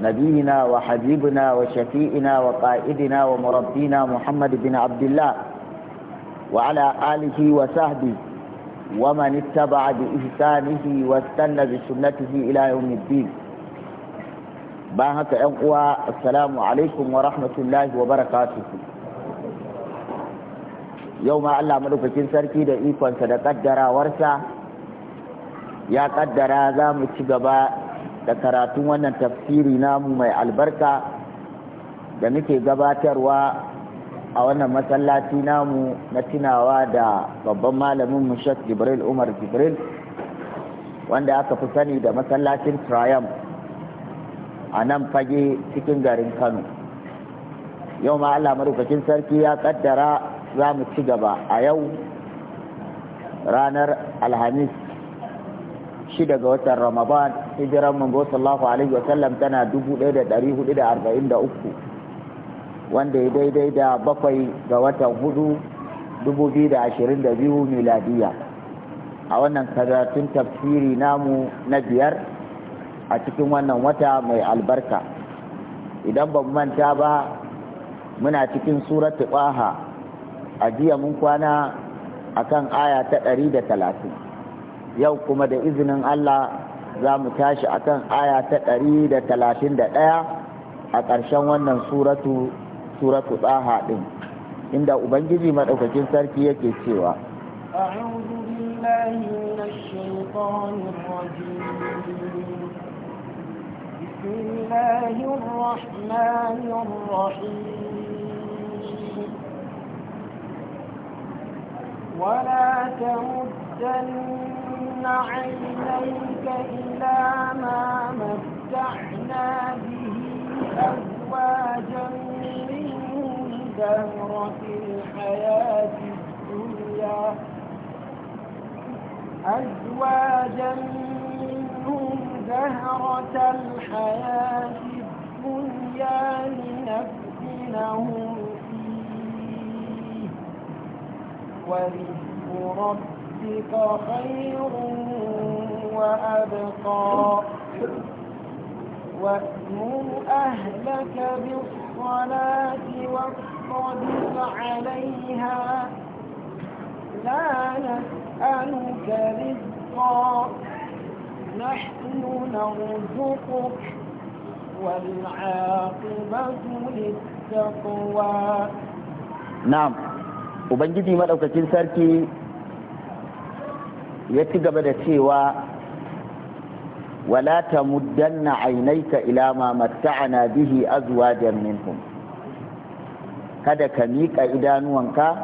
نبينا وحبيبنا وشفيئنا وقائدنا ومربينا محمد بن عبد الله وعلى آله وصحبه ومن اتبع بإحسانه واستنى بسنته إلى يوم الدين باهك أقوى السلام عليكم ورحمة الله وبركاته يوم الله ملوك جنسر كده إيقوان صدقات جرى ورسى يا قدر هذا متشبه da karatun wannan tafsiri namu mai albarka da muke gabatarwa a wannan masallaci namu na tunawa da babban malamin mushak jibril umar jibril wanda aka fi sani da masallacin triumf a nan fage cikin garin kano yau ma allah marukacin sarki ya kaddara za mu ci gaba a yau ranar alhamis shida ga watan ramadan hijiran manzo sallallahu alaihi wasallam tana dubu ɗaya da ɗari da arba'in da uku wanda ya daidai da bakwai ga watan hudu dubu biyu da ashirin da biyu miladiya a wannan karatun tafsiri namu na biyar a cikin wannan wata mai albarka idan ba manta ba muna cikin suratu ɓaha a jiya mun kwana akan aya ta ɗari da talatin yau kuma da izinin Allah za mu tashi kan aya ta ɗari da talatin da ɗaya a ƙarshen wannan suratu suratu tsaha ɗin inda ubangiji maɗaukakin sarki yake cewa ولا تمدن عينيك إلى ما متعنا به أزواجا من دهرة الحياة الدنيا أزواجا منهم زهرة الحياة الدنيا لنفتنهم فيه ورزق ربك ربك خير وأبقى وأمر أهلك بالصلاة واصطبر عليها لا نسألك رزقا نحن نرزقك والعاقبة للتقوى نعم Ubangiji maɗaukacin sarki ya ci gaba da cewa wala ta muddanna ainaika ila ma matta'ana bihi azwajan minhum kada ka miƙa idanuwanka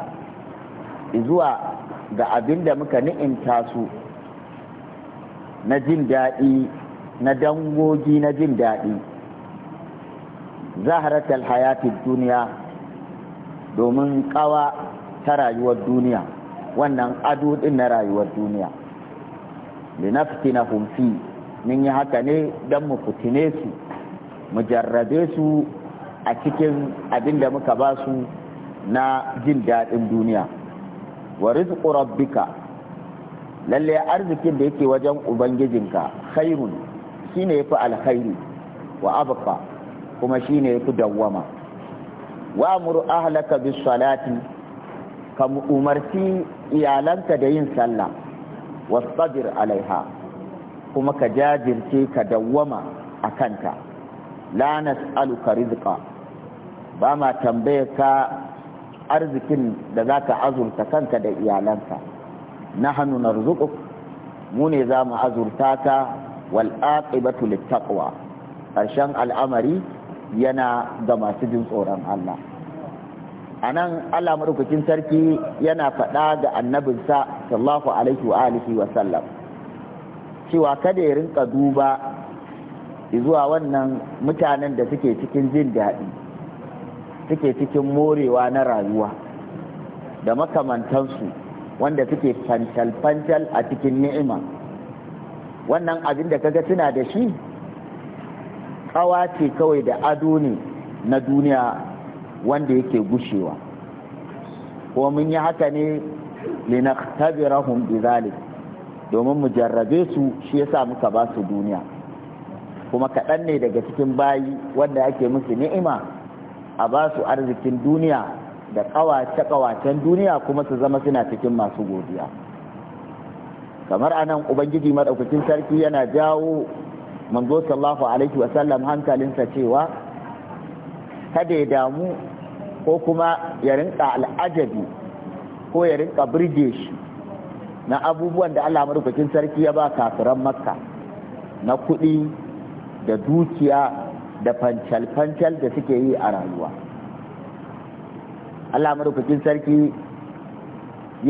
zuwa ga abin da muka ni'imta su na jin daɗi na dangogi na jin daɗi zaharatar hayatin duniya domin ƙawa ta rayuwar duniya wannan ado din na rayuwar duniya na fi min yi haka ne don mu fitine su mu jarrabe su a cikin abinda muka ba su na jin daɗin duniya wa rizqu rabbika lalle arzikin da yake wajen ubangijinka khairun shine yafi alkhairi wa abqa kuma shine yafi dawwama wa amuru ahlaka bis salati ka umarci iyalanka da yin sallah wasbir alaiha kuma ka jajirce ka dawwama a kanta la nas'aluka rizqa ba ma tambaye ka arzikin da za ka azurta kanka da iyalanka na hannu na mu ne za mu azurta ka wal aqibatu ƙarshen al'amari yana ga masu jin tsoron Allah a nan Allah maɗaukakin sarki yana faɗa ga annabinsa sallallahu alaihi wa alihi wa sallam cewa kada ya rinka duba zuwa wannan mutanen da suke cikin jin daɗi suke cikin morewa na rayuwa da makamantansu wanda suke fancal-fancal a cikin ni'ima wannan abin da kaga suna da shi ƙawa ce kawai da ado ne na duniya wanda yake gushewa ko mun yi haka ne linaktabirahum bizalik domin mu jarrabe su shi yasa muka ba su duniya kuma kaɗan ne daga cikin bayi wanda ake musu ni'ima a ba su arzikin duniya da ƙawace kawacen duniya kuma su zama suna cikin masu godiya kamar anan ubangiji maɗaukakin sarki yana jawo manzo sallallahu alaihi wasallam hankalinsa cewa kada ya damu ko kuma ya rinka al'ajabi ko ya rinka birge shi na abubuwan da Allah madaukakin sarki ya ba kafiran makka na kuɗi da dukiya da fancal-fancal da suke yi a rayuwa Allah madaukakin sarki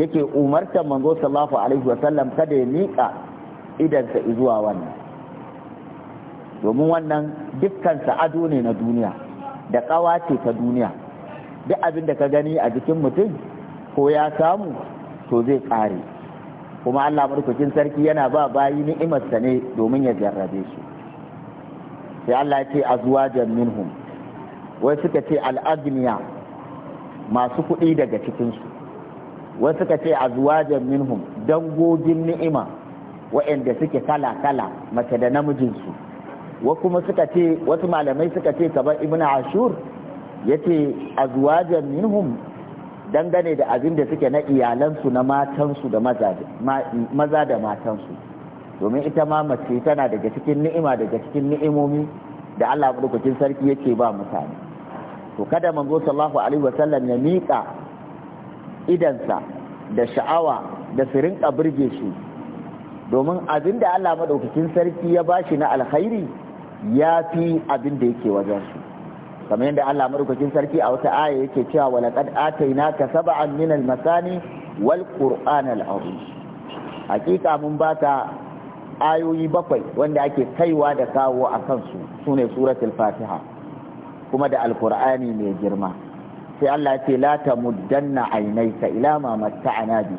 yake umartar manzo sallallahu alaihi wasallam kada ya miƙa idansa zuwa wannan domin wannan dukkan sa'ado ne na duniya da ƙawa ce ta duniya duk abin da ka gani a jikin mutum ko ya samu to zai ƙare kuma Allah murkukin sarki yana ba bayi ni'imarsa ne domin ya jarrabe su sai Allah ya ce azwajan minhum wai suka ce al'agniya masu kuɗi daga cikinsu wai suka ce azwajan minhum dangogin ni'ima waɗanda suke kala-kala mace da namijinsu wa kuma suka ce wasu malamai suka ce kamar ibnu ashur yace azwajan minhum dangane da abin da suke na iyalansu na matansu da maza da matansu domin ita ma mace tana daga cikin ni'ima daga cikin ni'imomi da Allah madaukakin sarki yake ba mutane to kada manzo sallallahu alaihi wasallam ya miƙa idansa da sha'awa da su rinka burge shi domin abin da Allah madaukakin sarki ya bashi na alkhairi ya fi abin da yake wajen su kamar yadda Allah madaukakin sarki a wata aya yake cewa wa laqad ka sab'an min al-masani wal qur'an al-azim hakika mun ta ayoyi bakwai wanda ake kaiwa da kawo a kansu sune suratul fatiha kuma da alqur'ani mai girma sai Allah ya ce la tamuddanna aynayka ila ma matta'ana bi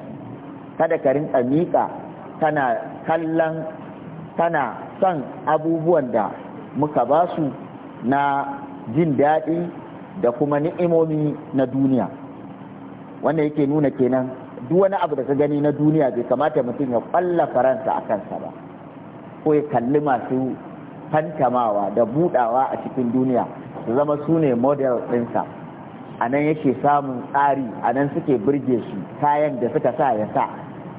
kada ka rinka miƙa kana kallan kana son abubuwan da muka basu na jin daɗi da kuma ni'imomi na duniya wannan yake nuna kenan duk wani abu da ka gani na duniya bai kamata mutum ya kwalla faransa a kansa ba ko ya kalli masu fantamawa da budawa a cikin duniya su zama su ne model ɗinsa a nan yake samun tsari a nan suke birge shi kayan da suka sa ya sa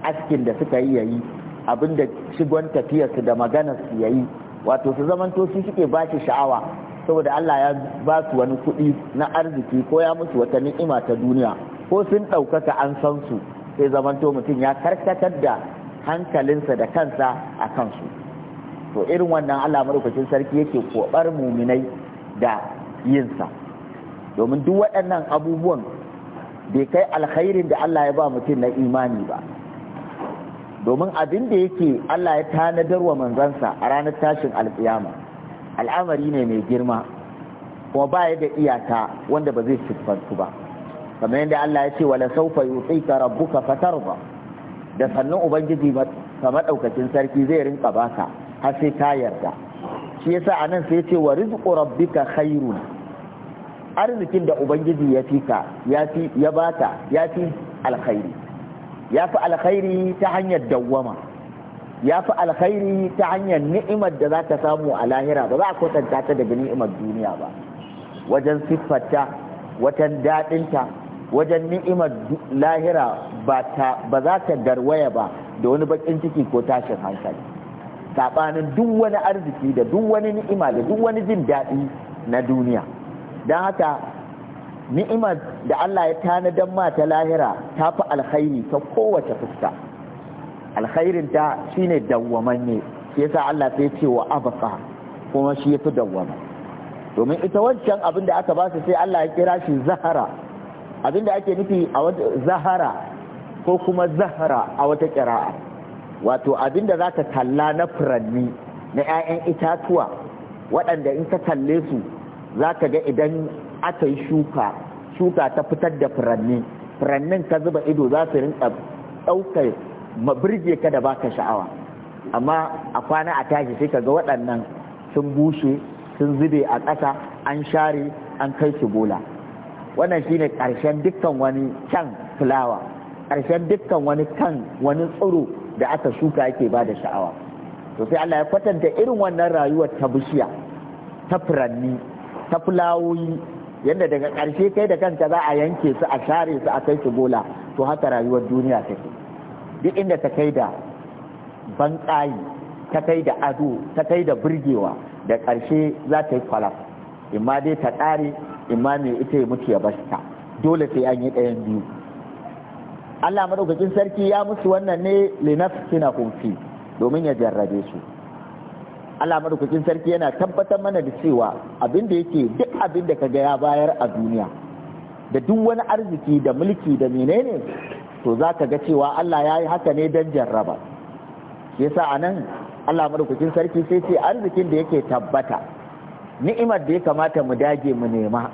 askin da suka yi ya yi abinda shigon tafiyarsu da maganarsu ya yi wato su zamanto su suke ba shi sha'awa saboda Allah ya ba su wani kuɗi na arziki ko ya musu wata ni'ima ta duniya ko sun ɗaukaka an san su sai zamanto mutum ya karkatar da hankalinsa da kansa a kansu to irin wannan Allah madaukakin sarki yake kobar muminai da yinsa domin duk waɗannan abubuwan bai kai alkhairin da Allah ya ba mutum na imani ba domin abin da yake Allah ya tanadar wa manzansa a ranar tashin alkiyama al'amari ne mai girma kuma ba ya da iyaka wanda ba zai siffantu ba kamar yadda Allah ya ce wala saufa ka rabbuka ba. da sannan ubangiji ka madaukakin sarki zai rinka baka har sai ka yarda shi yasa anan sai ya ce wa rizqu rabbika khairun arzikin da ubangiji ya fika ya fi ya ya fi alkhairi ya fi alkhairi ta hanyar dawwama ya fi alkhairi ta hanyar ni'imar da za ka samu a lahira ba za a kwatanta ta daga ni'imar duniya ba wajen siffarta wajen daɗinta wajen ni'imar lahira ba za ta garwaya ba da wani bakin ciki ko tashin hankali saɓanin duk wani arziki da duk wani ni'ima da duk wani jin daɗi na duniya don haka ni'imar da Allah ya tanadan ma ta lahira ta fi alkhairi ta kowace fuska alkhairin ta shine dawwaman shi yasa Allah sai ce wa abqa kuma shi yafi dawwama domin ita wancan abin da aka ba su sai Allah ya kira shi zahara abin da ake nufi a wata zahara ko kuma zahara a wata kira'a wato abin da zaka talla na furanni na 'ya'yan itatuwa waɗanda in ka kalle su zaka ga idan aka yi shuka shuka ta fitar da furanni furannin ka zuba ido za su rinka ɗaukar birge ka da baka sha'awa amma a kwana a tashi sai kaga waɗannan sun bushe sun zube a ƙasa an share an kai su bola wannan shine ƙarshen dukkan wani kan fulawa ƙarshen dukkan wani kan wani tsiro da aka shuka yake ba da sha'awa to sai Allah ya kwatanta irin wannan rayuwar ta bishiya ta furanni ta fulawoyi yadda daga ƙarshe kai da kanka za a yanke su a share su a kai su bola to haka rayuwar duniya take duk inda ta kai da banƙayi ta kai da ado ta kai da burgewa da ƙarshe za ta yi kwalaf imma dai ta ƙare imma mai ita ya mutu ya basta dole sai an yi ɗayan biyu Allah madaukakin sarki ya musu wannan ne suna kunfi domin ya jarrabe su Allah madaukakin sarki yana tabbatar mana da cewa abin da yake duk abin da gaya ya bayar a duniya da duk wani arziki da mulki da menene to za ka ga cewa Allah ya yi haka ne don jarraba shi yasa a nan Allah madaukakin sarki sai ce arzikin da yake tabbata ni'imar da ya kamata mu dage mu nema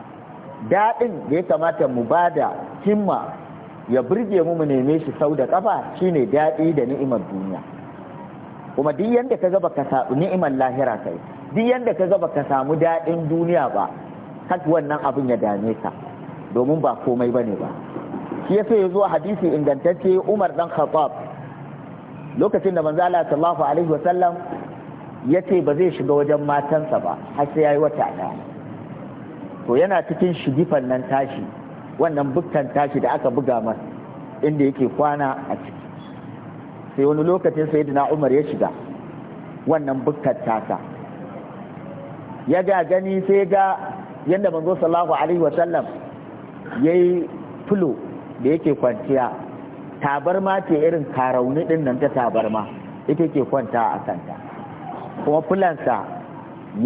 daɗin da ya kamata mu ba da himma ya burge mu mu neme shi sau da ƙafa shine daɗi da ni'imar duniya kuma duk yanda ka ga baka samu ni'imar lahira kai duk yanda ka ga baka samu daɗin duniya ba kak wannan abin ya dame ka domin ba komai bane ba shi sai ya zo hadisi ingantacce Umar dan Khattab lokacin da manzo Allah sallallahu alaihi sallam, ya ce ba zai shiga wajen matansa ba har sai yayi wata ɗaya to yana cikin shigifan nan tashi wannan buktan tashi da aka buga masa inda yake kwana a ciki sai wani lokacin sayyidina Umar ya shiga wannan buktan tasa ya ga gani sai ga yadda manzo sallallahu alaihi wa sallam yayi fulo da yake kwanciya tabarma ce irin karauni din nan ta tabarma ita ke kwanta a kanta kuma fulansa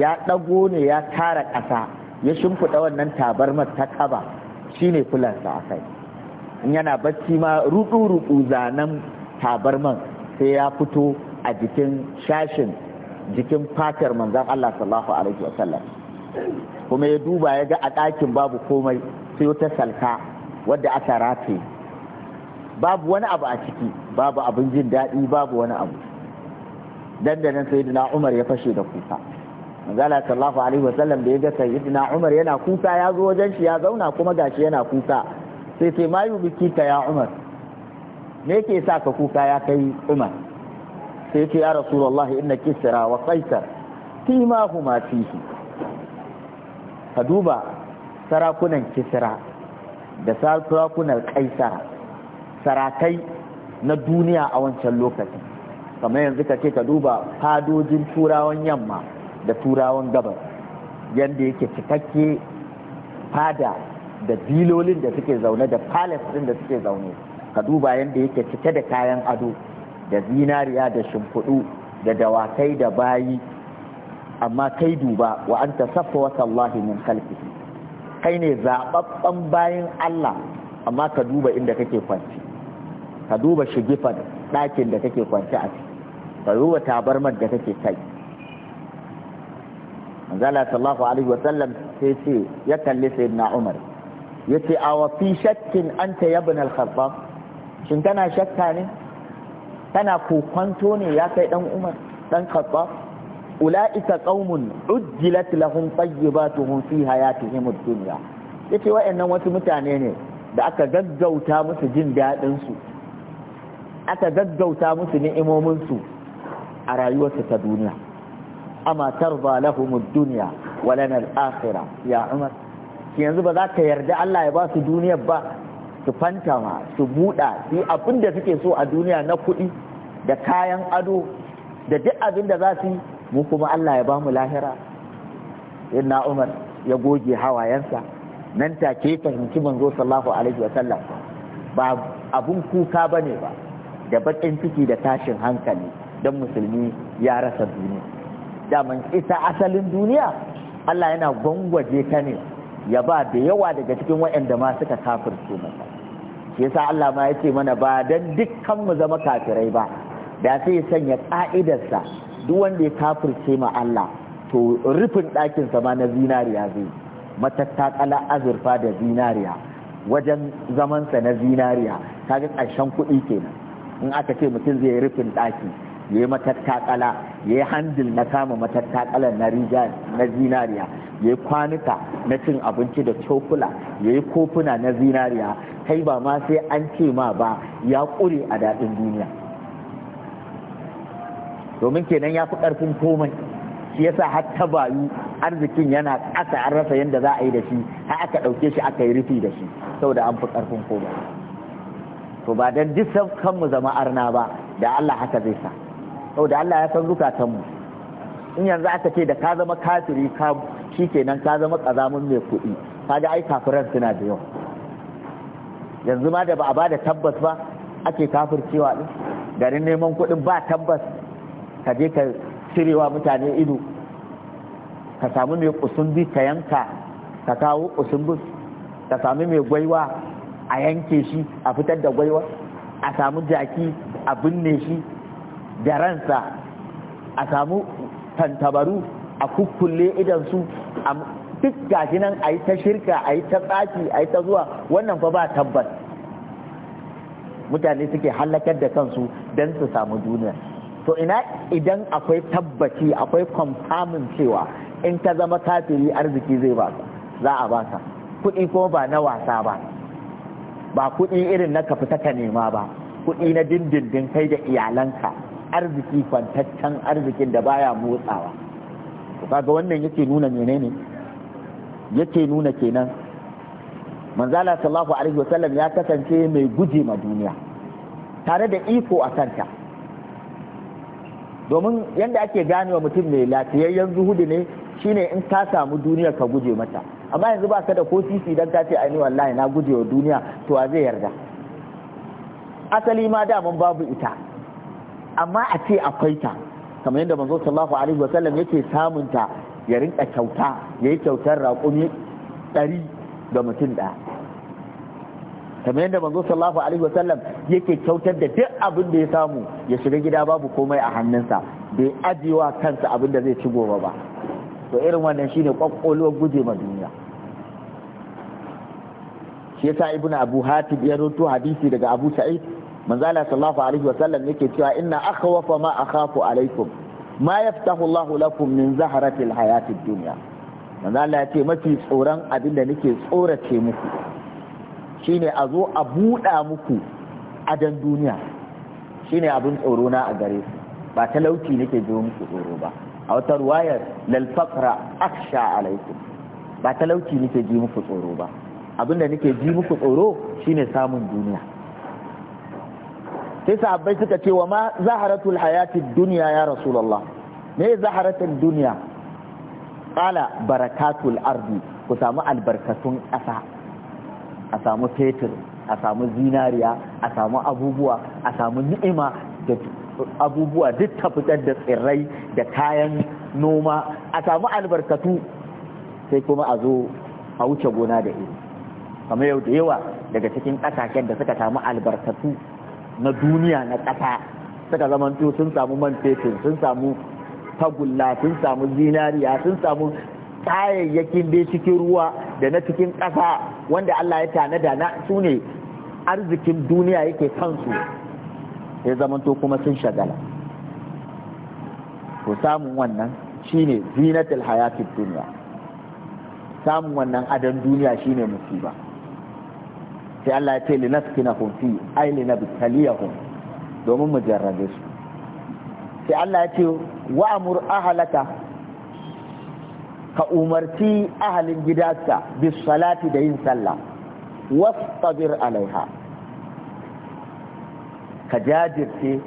ya ɗago ne ya tara ƙasa ya shimfiɗa wannan tabarmar ta ƙaba shi ne fulansa a kai in yana bacci ma ruɗu-ruɗu zanen tabarman sai ya fito a jikin shashin jikin fatar manzan Allah sallallahu alaihi wasallam kuma ya duba ya ga a ɗakin babu komai sai ta salka wadda aka rataye babu wani abu a ciki babu abin jin daɗi babu wani abu dandanan sayyidina umar ya fashe da kuka manzala sallallahu alaihi wasallam da ya ga sayyidina umar yana kuka ya zo wajen shi ya zauna kuma gashi yana kuka sai sai mayu biki ka ya umar me yake sa ka kuka ya kai umar sai ce ya rasulullah inna kisra wa qaisar fima huma fihi ka duba sarakunan kisra da sarakunan kaisara sarakai na duniya a wancan lokaci kamar yanzu ka ce ka duba fadojin turawan yamma da turawan gabas yadda yake cikakke fada da bilolin da suke zaune da palace din da suke zaune ka duba yadda yake cike da kayan ado da zinariya da shimfiɗu da dawakai da bayi amma kai duba wa anta safa wasan sallahi min kai ne zaɓaɓɓen bayan Allah amma ka duba inda kake kwanci ka duba shigifar ɗakin da kake kwanci a ciki ka duba tabarmar da kake kai manzala sallallahu alaihi wa sallam sai ce ya kalli sayyidina Umar yace a wa fi shakkin anta ya ibn al-khattab shin kana shakka ne kana kokonto ne ya kai dan Umar dan Khattab ula'ika qaumun ujjilat lahum tayyibatuhum fi hayatihim ad-dunya yace wayannan wasu mutane ne da aka gaggauta musu jin dadin su aka gaggauta musu ni'imomin su a rayuwarsu ta duniya amma tarba lahum ad-dunya wa lana al-akhirah ya umar yanzu ba za ka yarda Allah ya ba su duniyar ba su fantama su buɗa su yi abin da suke so a duniya na kuɗi da kayan ado da duk abin da za su yi mu kuma Allah ya bamu lahira inna Umar ya goge hawayensa nan take fahimci manzo sallallahu alaihi wa sallam ba abun kuka bane ba da bakin ciki da tashin hankali dan musulmi ya rasa duniya daman ita asalin duniya Allah yana gwangwaje ta ne ya ba da yawa daga cikin waɗanda ma suka kafirce masa yasa Allah ma ya ce mana ba dan dukkan mu zama kafirai ba da sai sanya ka'idarsa duk wanda ya kafirce ma Allah to rufin ɗakin sama na zinariya zai matattakala azurfa da zinariya wajen zamansa na zinariya kaga ƙarshen kuɗi kenan in aka ce mutum zai rufin ɗaki ya yi matattakala ya yi handil na kama matattakalan na na zinariya ya yi kwanuka na cin abinci da cokula ya yi kofuna na zinariya kai ba ma sai an ce ma ba ya ƙure a daɗin duniya domin kenan ya fi ƙarfin komai shi yasa har ta bayu arzikin yana ƙasa an rasa yadda za a yi da shi har aka ɗauke shi aka yi rufi da shi saboda an fi ƙarfin komai to ba dan duk kanmu zama arna ba da Allah haka zai sa saboda Allah ya san zukatanmu in yanzu aka ce da ka zama kafiri ka shi kenan ka zama ƙazamin mai kuɗi ka ga ai kafiran suna da yawa yanzu ma da ba a ba da tabbas ba ake kafircewa ɗin garin neman kuɗin ba tabbas ka je ka cirewa mutane ido ka samu mai kusumbi ka yanka ka kawo kusumbus ka samu mai gwaiwa a yanke shi a fitar da gwaiwa a samu jaki a binne shi da ransa a samu tantabaru a kukkulle idansu a duk gashi nan a yi ta shirka a yi ta tsaki a yi ta zuwa wannan fa ba tabbas mutane suke halakar da kansu don su samu duniya to ina idan akwai tabbaci akwai kwamfamin cewa in ta zama kafiri arziki zai baka za a ka, kuɗi ko ba na wasa ba ba kuɗi irin na ka fita ka nema ba kuɗi na dindindin kai da iyalanka arziki kwantaccen arzikin da baya motsawa kaga wannan yake nuna menene yake nuna kenan manzala sallallahu alaihi wasallam ya kasance mai guje ma duniya tare da iko a kanta domin yadda ake ganewa mutum mai lafiyayyen zuhudu ne shine in ka samu duniya ka guje mata amma yanzu ba ka da ko sisi dan ka ce ai wallahi na guje wa duniya to a zai yarda asali ma da mun babu ita amma a ce akwai ta kamar yadda manzo sallallahu alaihi wa sallam yake samunta ya rinka kyauta yayi kyautar raƙumi ɗari da mutum ɗaya kamar yadda manzo sallallahu alaihi wasallam yake kyautar da duk abin da ya samu ya shiga gida babu komai a hannunsa bai ajiyewa kansa abin da zai ci gobe ba to irin wannan shine kwakwalwar guje ma duniya shi yasa ibnu abu hatib ya rawaito hadisi daga abu sa'id manzo Allah sallallahu alaihi wasallam yake cewa inna akhwafa ma akhafu alaikum ma yaftahu Allah lakum min zahratil hayatid dunya manzo Allah ya ce mafi tsoron abin da nake tsorace muku ne a zo a buɗa muku adon duniya Shi abin tsoro na a gare su ba talauci nake jiro muku tsoro ba a wata ruwayar lalfakra aksha alaikum ba talauci nake ji muku tsoro ba abin da nake ji muku tsoro shine samun duniya sai sahabbai suka ce wa ma zaharatul hayatid duniya ya rasulullah me zaharatul duniya? qala barakatul ardi ku samu albarkatun ƙasa a samu fetur a samu zinariya a samu abubuwa a samu ni'ima da abubuwa duk ta fitar da tsirrai da kayan noma a samu albarkatu sai kuma a zo a wuce gona da iri kamar yau da yawa daga cikin ƙasashen da suka samu albarkatu na duniya na ƙasa suka zamanto sun samu man fetur sun samu tagulla sun samu zinariya sun samu kayayyakin dai cikin ruwa da na cikin ƙasa wanda Allah ya tanada na su ne arzikin duniya yake kansu ya zamanto kuma sun shagala to samun wannan shine zinatul hayatid duniya samun wannan adan duniya shine musiba sai Allah ya ce li hum fi ay linabtaliyahum domin mu jarrabe su sai Allah ya ce wa amur ahlaka ka umarci ahalin gidansa bis salati da yin sallah wastabir alaiha ka jajirce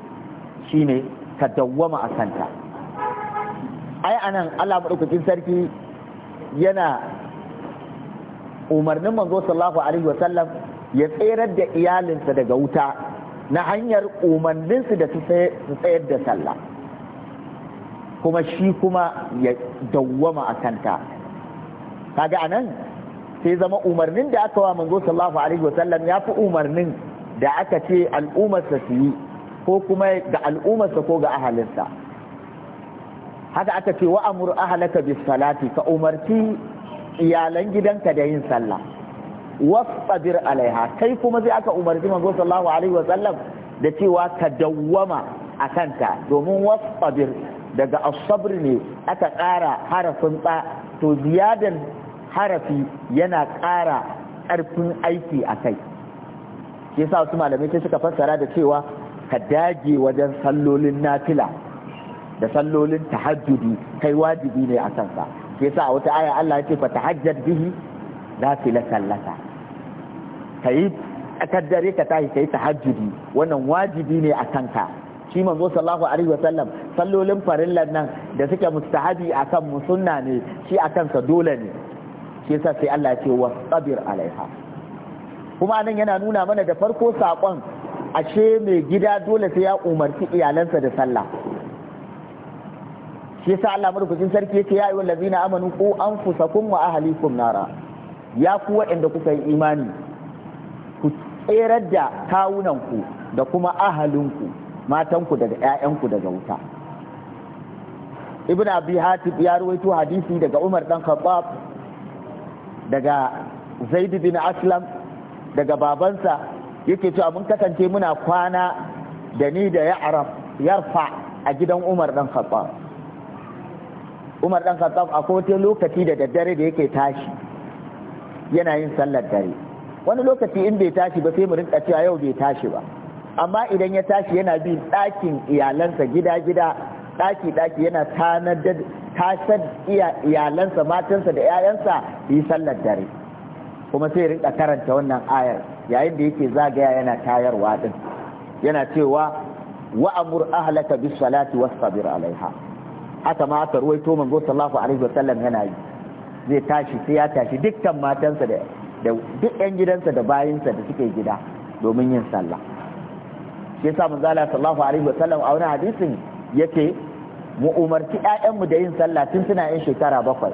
shine ka dawwama a kanta ai anan Allah madaukakin sarki yana umarnin manzo sallallahu alaihi wasallam ya tserar da iyalinsa daga wuta na hanyar umarninsu da su tsayar da sallah kuma shi kuma ya dawwama a kanta kaga anan sai zama umarnin da aka wa manzo sallallahu alaihi wasallam ya fi umarnin da aka ce al'ummarsa su yi ko kuma ga al'ummarsa ko ga ahalinsa haka aka ce wa amur ahalaka bis salati ka umarci iyalan gidanka da yin sallah wasbir alaiha kai kuma sai aka umarci manzo sallallahu alaihi wasallam da cewa ka dawwama a kanta domin wasbir daga asabri ne aka ƙara harafin ba, to ziyadan harafi yana ƙara ƙarfin aiki a kai shi yasa wasu malamai sai suka fassara da cewa ka dage wajen sallolin nafila da sallolin tahajjudi kai wajibi ne a kansa shi yasa a wata aya Allah yake ce fa tahajjad bihi nafilatan sallata kai a kaddare ka tashi kai tahajjudi wannan wajibi ne a kanka shi manzo sallallahu alaihi sallam sallolin farillan nan da suke mustahabi akan mu sunna ne shi akan sa dole ne shi yasa sai Allah ya ce sabir alaiha kuma nan yana nuna mana da farko sakon ashe mai gida dole sai ya umarci iyalansa da sallah shi yasa Allah madaukakin sarki yake ya ayyuhal ladzina amanu qu anfusakum wa ahlikum nara ya ku waɗanda kuka yi imani ku tserar da kawunanku da kuma ahalinku matanku daga 'ya'yanku daga wuta ibn abi hatib ya ruwaito hadisi daga umar dan khattab daga zaid bin aslam daga babansa yake cewa mun kasance muna kwana da ni da ya'raf yarfa a gidan umar dan khattab umar dan khattab a kowace lokaci da daddare da yake tashi yana yin sallar dare wani lokaci in bai tashi ba sai mu rinka cewa yau bai tashi ba amma idan ya tashi yana bin ɗakin iyalansa gida-gida ɗaki-ɗaki yana tasar iyalansa matansa da 'ya'yansa yi sallar dare kuma sai rinka karanta wannan ayar yayin da yake zagaya yana tayarwa din yana cewa wa'amur ahlaka bis salati sabir alaiha haka ma aka ruwaito manzo sallallahu alaihi yana yi zai tashi sai ya tashi dukkan matansa da duk 'yan gidansa da bayinsa da suke gida domin yin sallah shi yasa mun zala sallallahu alaihi wasallam a wani hadisin yace mu umarci ƴaƴanmu da yin sallah tun suna yin shekara bakwai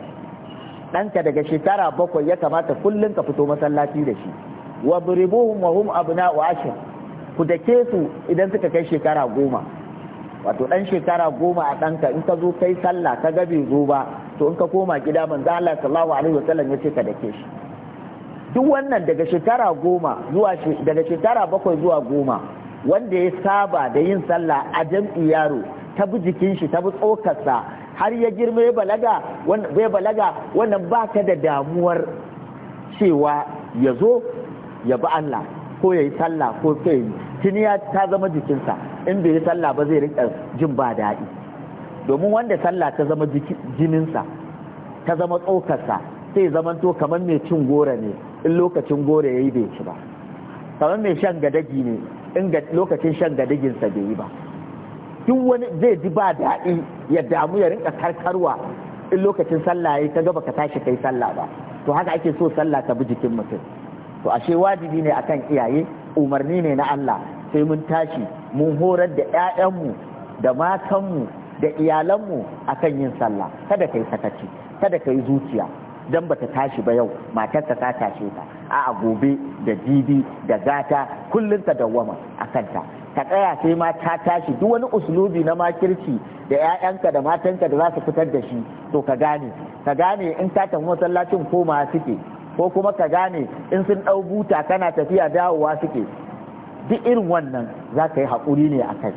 ɗanka daga shekara bakwai ya kamata kullum ka fito masallaci da shi wa buribuhum wa hum abna'u ashir ku dake su idan suka kai shekara goma wato ɗan shekara goma a ɗanka in ka zo kai sallah ka ga bai zo ba to in ka koma gida manzo Allah sallallahu alaihi wasallam ya ce ka dake shi duk wannan daga shekara goma zuwa daga shekara bakwai zuwa goma wanda ya saba da yin sallah a jam'i yaro ta bi jikin shi ta bi tsokarsa har ya girma ya balaga bai balaga wannan ba ta da damuwar cewa ya zo ya bi Allah ko ya yi sallah ko sai ya ta zama jikinsa in bai yi sallah ba zai rinka jin ba daɗi domin wanda sallah ta zama jininsa ta zama tsokarsa sai zamanto kamar mai cin gora ne in lokacin gora ya yi bai ci ba kamar mai shan gadagi ne in lokacin shan gadiginsa bai yi ba duk wani zai ji ba daɗi ya damu ya rinka karkarwa in lokacin sallah yayi gaba ka tashi kai sallah ba to haka ake so sallah ta bi jikin mutum to ashe wajibi ne akan iyaye umarni ne na Allah sai mun tashi mun horar da 'ya'yanmu da matanmu da iyalanmu akan yin sallah kada kai sakaci kada kai zuciya dan bata tashi ba yau matarka ta tashe ta a gobe da jibi da gata kullum ta dawwama a kanta ka tsaya sai ma ta tashi duk wani uslubi na makirci da ƴaƴanka da matanka da za su fitar da shi to ka gane ka gane in ta tafi masallacin koma suke ko kuma ka gane in sun ɗau buta kana tafiya dawowa suke duk irin wannan za ka yi haƙuri ne a kai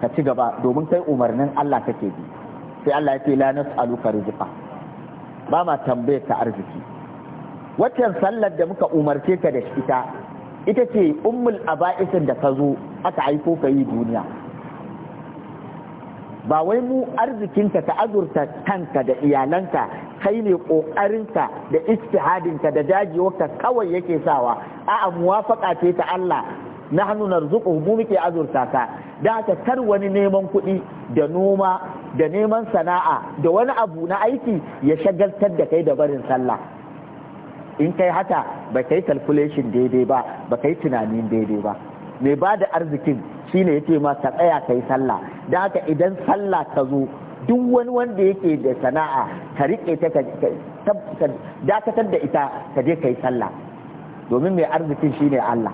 ka ci gaba domin kai umarnin Allah kake bi sai Allah ya ce la nas'aluka rizqa ba ma tambaye ka arziki waccan sallar da muka umarce ka da ita ita ce ummul aba'isin da ka zo aka aiko ka yi duniya ba wai mu arzikinka ka azurta kanka da iyalanka kai ne ƙoƙarinka da istihadinka da dajiwarka kawai yake sawa a'a muwafaƙa ce ta Allah na hannu narzuku mu muke azurta ka da haka kar wani neman kuɗi da noma da neman sana'a da wani abu na aiki ya shagaltar da kai da barin sallah in kai hata ba kai calculation daidai ba ba kai tunanin daidai ba mai ba da arzikin shine yace ma ka tsaya kai sallah da haka idan sallah ka zo duk wani wanda yake da sana'a ka riƙe ta ka dakatar da ita ka je kai sallah domin mai arzikin shine Allah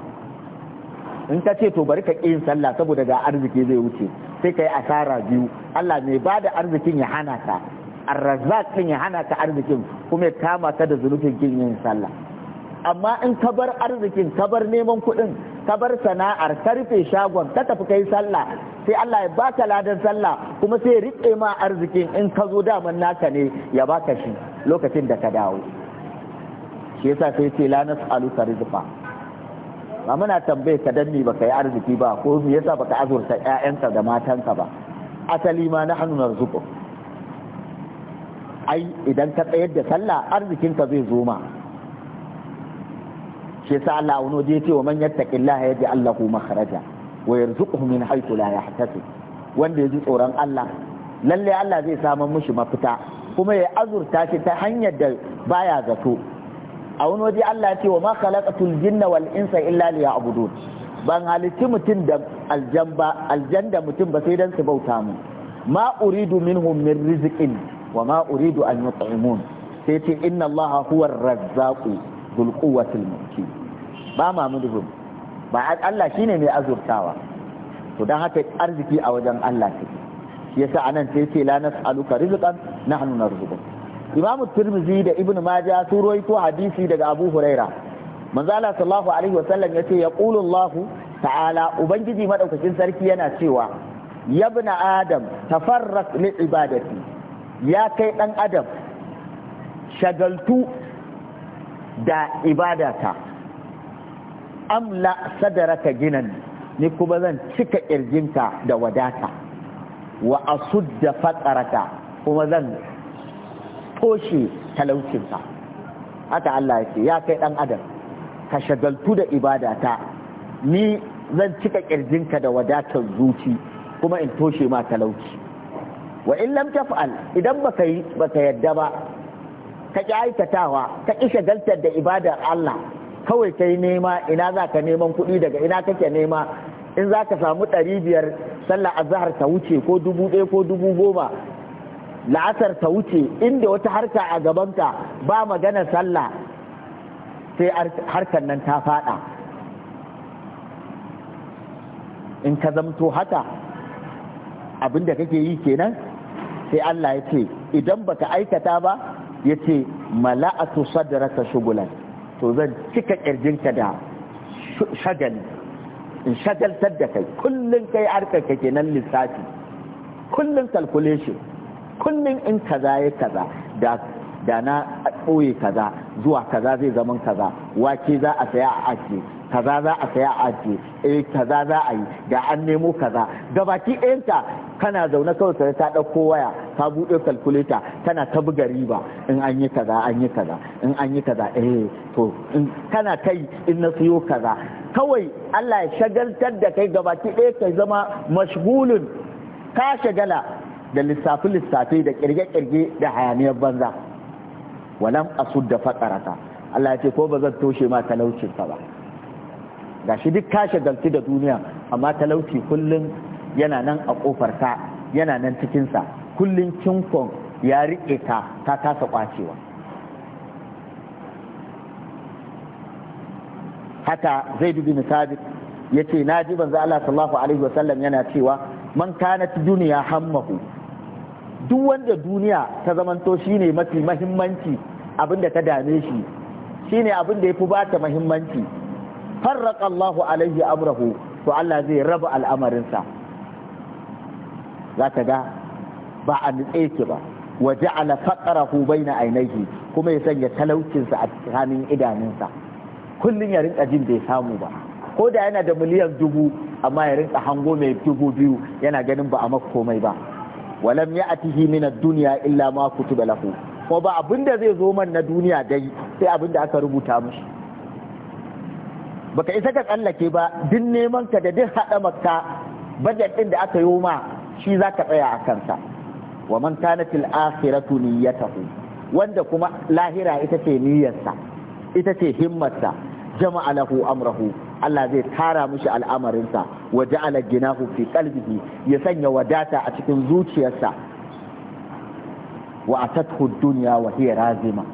in ka ce to bari ka yin sallah saboda ga arziki zai wuce sai ka yi asara biyu Allah mai ba da arzikin ya hana ka arrazak kan ya hana ka arzikin kuma ya kama ka da zunubin kin yin sallah amma in ka bar arzikin ka bar neman kuɗin ka bar sana'ar ka rufe shagon ka tafi kai sallah sai Allah ya baka ladan sallah kuma sai ya riƙe ma arzikin in ka zo daman naka ne ya baka shi lokacin da ka dawo shi yasa sai ce la nas'aluka rizqa ba muna tambaye ka danni baka yi arziki ba ko me yasa baka azurta ƴaƴanka da matanka ba asali ma nahnu narzuqu ai idan ka tsayar da sallah arzikinka zai zo ma shi sa Allah wani waje ce wa man yattaqillaha yaj'al lahu makhraja wa yarzuquhu min haythu la yahtasib wanda ya ji tsoron Allah lalle Allah zai samu mushi mafita kuma ya azurta shi ta hanyar da baya zato a wani waje Allah ce wa ma khalaqatul jinna wal insa illa liya'budun ban halitti mutum da aljan ba aljan da mutum ba sai dan su bauta mu ma uridu minhum min rizqin wa ma uridu an yut'imun sai ce inna Allah huwa ar-razzaqu dhul quwwati al-matin ba ma mudhum ba Allah shine mai azurtawa to dan haka arziki a wajen Allah take yasa anan sai ce la nas'aluka rizqan nahnu narzuquk Imam Tirmidhi da Ibn Maja su ruwaito hadisi daga Abu Huraira manzo Allah sallallahu alaihi wasallam yace yaqulu Allah ta'ala ubangiji madaukakin sarki yana cewa ya ibn adam tafarrak li ibadati ya kai ɗan adam shagaltu da ibadata amla sadaraka ginan ni kuma zan cika ƙirjinka da wadata wa da fatsaraka kuma zan toshe talaucinka haka Allah ya ce ya kai ɗan adam ka shagaltu da ibadata ni zan cika ka da wadatar zuci kuma in toshe ma talauci wa in lam taf'al idan baka yi baka yadda ba ka ki aikatawa ka ki shagaltar da ibadar Allah kawai kai nema ina za ka neman kuɗi daga ina kake nema in za ka samu ɗari biyar sallar azahar ta wuce ko dubu ɗaya ko dubu goma la'asar ta wuce inda wata harka a gabanka ba magana sallah sai harkar nan ta faɗa in ka zamto haka abinda kake yi kenan sai Allah ya ce idan baka aikata ba ya ce mala'atu sadraka shugulan to zan cika kirjinka da shagali in shagaltar da kai kullum kai harkar ka nan lissafi kullum calculation kullum in kaza ya kaza da da na ɓoye kaza zuwa kaza zai zaman kaza wake za a saya a ake kaza za a saya a ajiye eh kaza za a yi da an nemo kaza gabaki ɗayanta kana zaune kawai sai ta ɗauko waya ta buɗe calculator tana ta buga riba in an yi kaza an yi kaza in an yi kaza eh to in kana kai in na siyo kaza kawai Allah ya shagaltar da kai gabaki ɗaya kai zama mashgulun ka shagala da lissafi lissafi da ƙirge ƙirge, da hayaniyar banza walam asud da faƙarata Allah ya ce ko ba zan toshe ma talaucin ka ba Ga shi duk ka shagalci da duniya amma talauci kullum yana nan a kofarka yana nan cikinsa kullum kinkon ya riƙe ta ta kasa kwacewa haka zai dubi misali ya ce na ji banza Allah sallallahu alaihi wasallam yana cewa man kanat duniya hammahu duk wanda duniya ta zamanto shine mafi mahimmanci abin da ta dame shi shine abin da ya fi ba ta mahimmanci Farraƙa Allahu alaihi amrahu to Allah zai raba al'amarinsa za ka ga ba a nitse ki ba wa ja'ala faqrahu baina ainihi kuma ya sanya talaucinsa a tsakanin idanunsa kullum ya rinka jin bai samu ba ko da yana da miliyan dubu amma ya rinka hango mai dubu biyu yana ganin ba a maka komai ba walam ya atihi min ad-dunya illa ma kutiba lahu ko ba abinda zai zo man na duniya dai sai abinda aka rubuta mishi baka isa ka tsallake ba duk neman ka da duk haɗa maka bajet din da aka yi ma shi za ka tsaya a kansa wa man kanat al akhiratu niyyatahu wanda kuma lahira ita ce niyyarsa ita ce himmarsa jama'a lahu amrahu Allah zai tara mishi al'amarinsa wa ja'ala ginahu fi qalbihi ya sanya wadata a cikin zuciyarsa wa atathu dunya wa hiya razima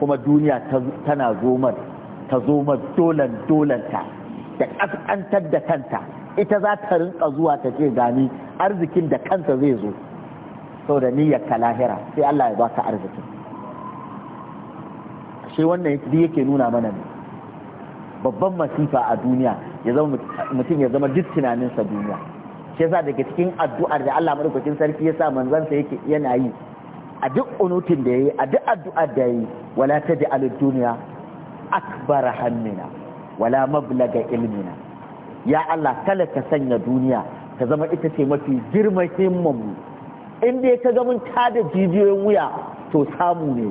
kuma duniya tana zomar ta zo ma dolan dolanta da ƙasƙantar da kanta ita za ta rinka zuwa ta ce gani arzikin da kanta zai zo sau da niyyar ka lahira sai Allah ya baka arzikin shi wannan yake nuna mana ne babban masifa a duniya ya zama mutum ya zama duk tunaninsa duniya shi yasa daga cikin addu'ar da Allah madaukakin sarki ya sa manzansa yake yana yi a duk unutin da yayi a duk addu'ar da yayi wala taj'al ad-dunya akbar hammina wala mablaga ilmina ya Allah kala ka sanya duniya ta zama ita ce mafi girman mu in dai ka ga mun tada jijiyoyin wuya to samu ne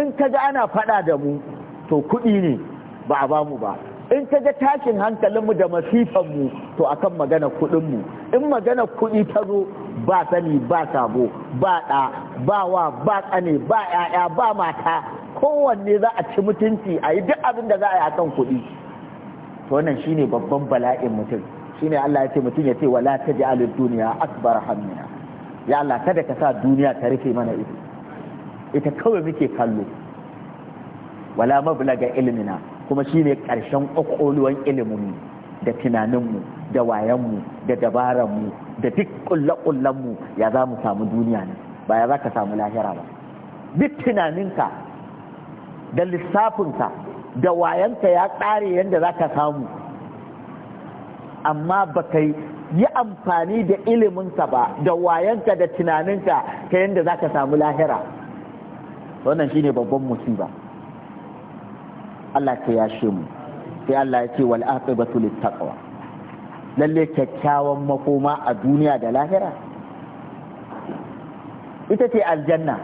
in ka ga ana faɗa da mu to kuɗi ne ba a bamu ba in ka ga tashin hankalinmu da masifanmu to akan magana mu. in magana kuɗi ta zo ba sani ba sabo ba ɗa ba wa ba ƙane ba ‘ya'ya ba mata kowanne za a ci mutunci a yi duk abin da za a yi akan kuɗi to wannan shine babban bala'in mutum shine Allah ya ce mutum ya ce wala taj'alud dunya akbar hamina ya Allah kada ka sa duniya ta rufe mana ido ita kawai muke kallo wala mablaga ilmina kuma shine karshen kokoluwan ilimin da tunaninmu da wayanmu da dabaranmu da duk mu ya za mu samu duniya ne ba ya za ka samu lahira ba duk tunaninka da lissafinka da wayanka ya ƙare yadda za ka samu amma ba ka yi amfani da iliminsa ba da wayanka da tunaninka ta yadda za ka samu lahira wannan shine babban ba. Allah ta yashe mu sai Allah ya ce wal littaqwa lalle kyakkyawan makoma a duniya da lahira ita ce aljanna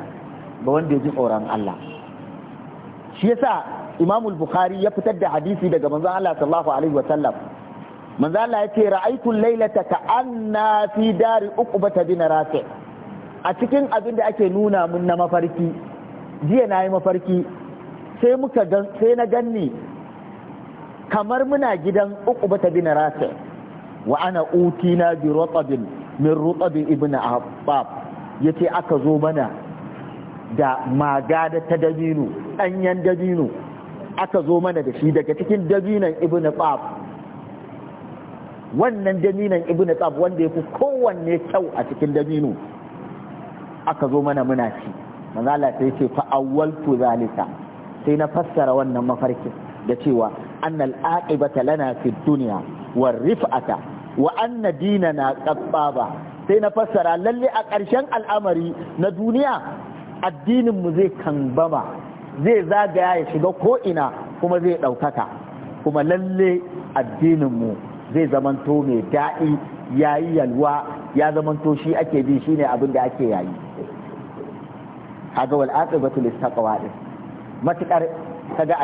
ga wanda ya ji tsoron Allah shi yasa Imam Bukhari ya fitar da hadisi daga manzon Allah sallallahu alaihi wa sallam manzon Allah yace ra'aytu laylata anna fi dari uqbata bin rafi' a cikin abin da ake nuna mun na mafarki jiya nayi mafarki sai muka sai na ganni kamar muna gidan uqbata bin rafi' wa ana utina bi rutabin min rutabin ibn abbab yace aka zo mana da magada ta dabino ɗanyen dabino aka zo mana da shi daga cikin dabinan ibn qab wannan dabinan ibn qab wanda ya fi kowanne kyau a cikin dabino aka zo mana muna shi. manzo Allah sai ce fa awwaltu zalika sai na fassara wannan mafarkin da cewa annal aqibata lana fid dunya war rif'ata wa anna dinana qabbaba sai na fassara lalle a ƙarshen al'amari na duniya addininmu zai kambama zai zagaya ya shiga ko'ina kuma zai ɗaukaka kuma lalle addininmu zai zamanto mai daɗi yayi yalwa ya zamanto shi ake bi shine abin da ake yayi kaga wal aqibatu din matukar kaga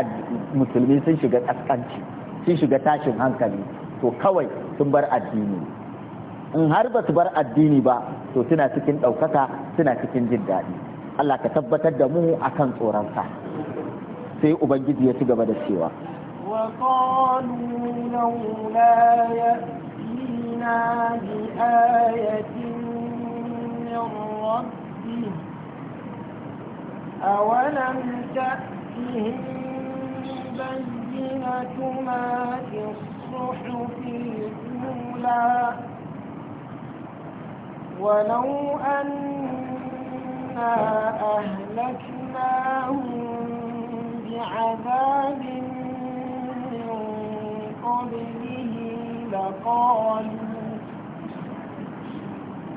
musulmi sun shiga kaskanci sun shiga tashin hankali to kawai sun bar addini in har ba su bar addini ba to suna cikin ɗaukaka suna cikin jin daɗi Allah ka tabbatar da mu a kan tsoronsa sai Ubangiji ya ci gaba da cewa أولم تأتهم بينة ما في الصحف الأولى ولو أن أهلكناهم بعذاب من قبله لقالوا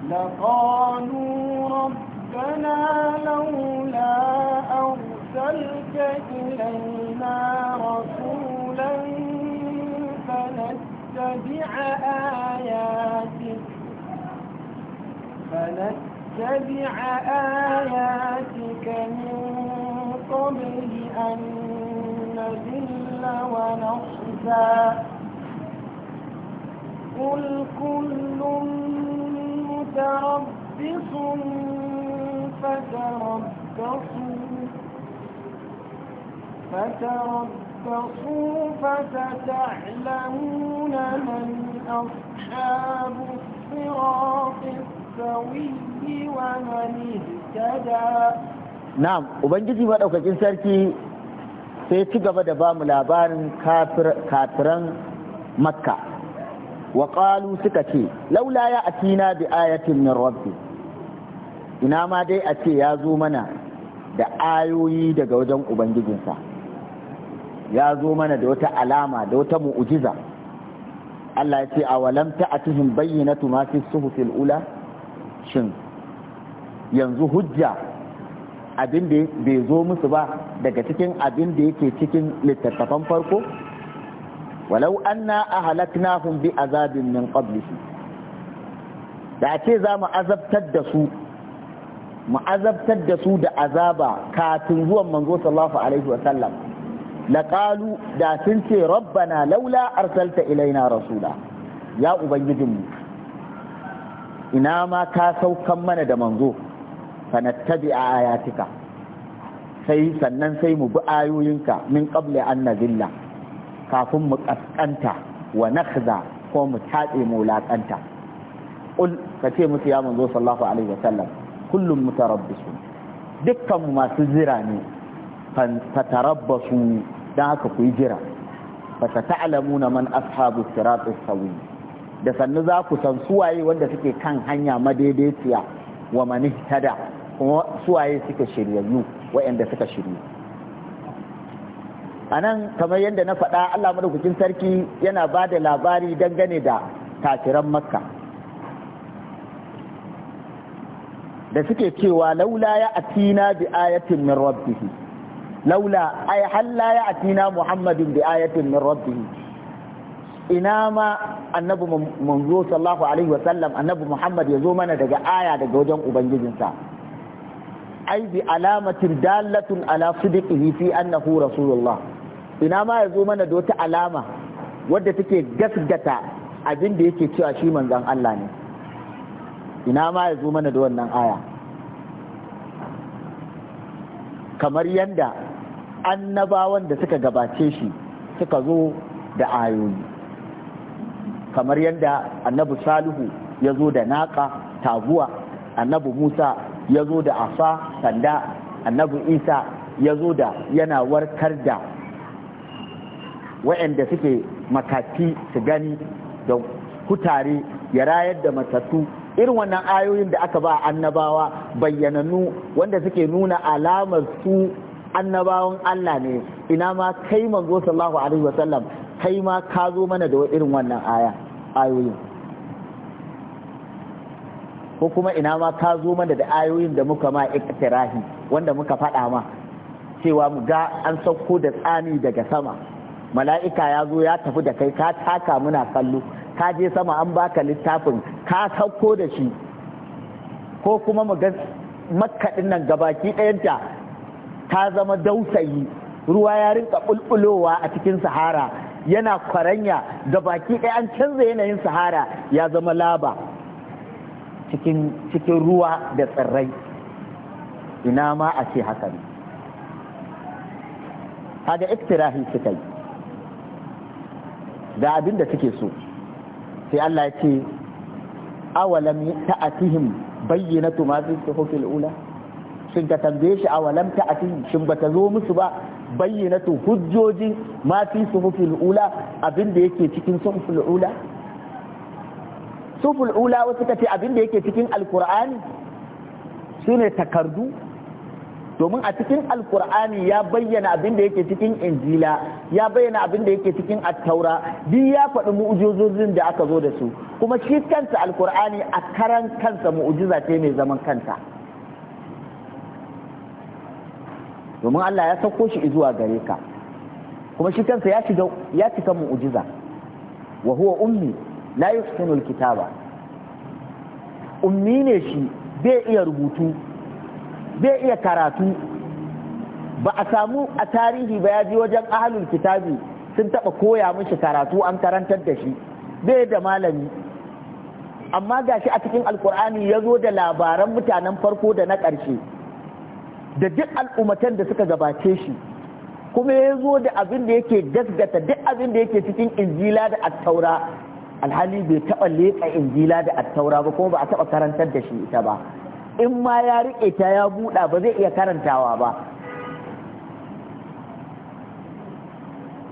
لقالوا ربنا لولا أرسلت إلينا رسولا فنتبع آياتك فنتبع نتبع آياتك من قبل أن نذل ونخزى قل كل متربص فتربصوا فتربصوا فستعلمون من أصحاب الصراط na'am ubangiji اهتدى sarki sai ci gaba da ba mu labarin kafiran makka wa ƙalu suka ce laula ya tina bi ayatin min rabbi ina ma dai a ce ya zo mana da ayoyi daga wajen ubangijinsa ya zo mana da wata alama da wata mu'ujiza Allah ya ce a walamta a cikin bayyana fi suhufil ula shin yanzu hujja abin da bai zo musu ba daga cikin abin da yake cikin littattafan farko walau anna ahlaknahum bi azabin min qablihi da ce za mu azabtar da su mu azabtar da su da azaba kafin zuwan manzo sallallahu alaihi wasallam qalu da sun ce rabbana laula arsalta ilaina rasula ya ubangijinmu ina ma ka saukan mana da manzo sanattabi a ayatika sai sannan sai mu bi ayoyinka min qabli an nazilla kafin mu kaskanta wa nakhza ko mu tatse mu laƙanta qul ka ce musu ya manzo sallallahu alaihi wasallam kullum mutarabbisun dukkan masu zira ne fatarabbasu dan haka ku yi jira fa ta'lamuna man ashabu siratis sawi da sannu za ku san suwaye wanda suke kan hanya madaidaiciya wa mani tada kuma suwaye suke shiryayyu wa'anda suka shiryu a nan kamar yadda na faɗa Allah madaukakin sarki yana ba da labari dangane da kafiran makka da suke cewa laula ya atina bi ayatin min rabbihi laula ay halla ya atina muhammadin bi ayatin min rabbihi ina ma annabi manzo sallallahu alaihi wasallam annabi Muhammad ya zo mana daga aya daga wajen ubangijinsa ai bi alamatin dalatun ala sidiqihi fi annahu rasulullah ina ma ya zo mana da wata alama wadda take gasgata abin da yake cewa shi manzon Allah ne ina ma ya zo mana da wannan aya kamar yanda annabawan da suka gabace shi suka zo da ayoyi kamar yadda annabi salihu ya zo da naƙa taguwa annabi musa ya zo da afa sanda annabi isa ya zo da yana warkar da wa'anda suke makafi su gani da kutare ya rayar da matattu irin wannan ayoyin da aka ba annabawa bayyananu wanda suke nuna alamar su annabawan Allah ne ina ma kai manzo sallallahu alaihi wasallam kai ma ka zo mana da irin wannan aya ayoyin ko kuma ina ma ka zo mana da ayoyin da muka ma iktirahi wanda muka faɗa ma cewa mu ga an sauko da tsani daga sama mala'ika ya zo ya tafi da kai ka taka muna kallo ka je sama an baka littafin ka sauko da shi ko kuma mu ga makkaɗin nan gabaki ɗayanta ta zama dausayi ruwa ya rinka bulbulowa a cikin sahara yana kwaranya da baki ɗaya an canza yanayin sahara ya zama laba cikin ruwa da tsirrai ina ma a ce haka ne kaga iftirahi suka yi da abin da suke so sai Allah ya ce awalam ta'atihim bayyinatu ma fi suhufil ula shin ka tambaye shi awalam ta'atihim shin bata zo musu ba bayyanatu hujjoji ma fi suhufil ula abin da yake cikin suhufil ula suhufil ula wasu kace abin da yake cikin alqur'ani shine takardu domin a cikin alkur'ani ya bayyana abin da yake cikin injila ya bayyana abin da yake cikin attaura duk ya faɗi mu'ujizozin da aka zo da su kuma shi kansa alkur'ani a karan kansa mu'ujiza ce mai zaman kanta domin Allah ya sauko shi zuwa gare ka kuma shi kansa ya ya cika mu'jiza wa huwa ummi la yuhsinu alkitaba ummi ne shi bai iya rubutu bai iya karatu ba a samu a tarihi ba ya ji wajen ahlul kitabi sun taba koya mishi karatu an karantar da shi bai da malami amma gashi a cikin alkur'ani ya zo da labaran mutanen farko da na ƙarshe da duk al'ummatan da suka gabace shi kuma ya zo da abin da yake gasgata duk abin da yake cikin injila da attaura alhali bai taɓa leƙa injila da attaura ba kuma ba a taɓa karantar da shi ita ba in ma ya riƙe ta ya buɗa ba zai iya karantawa ba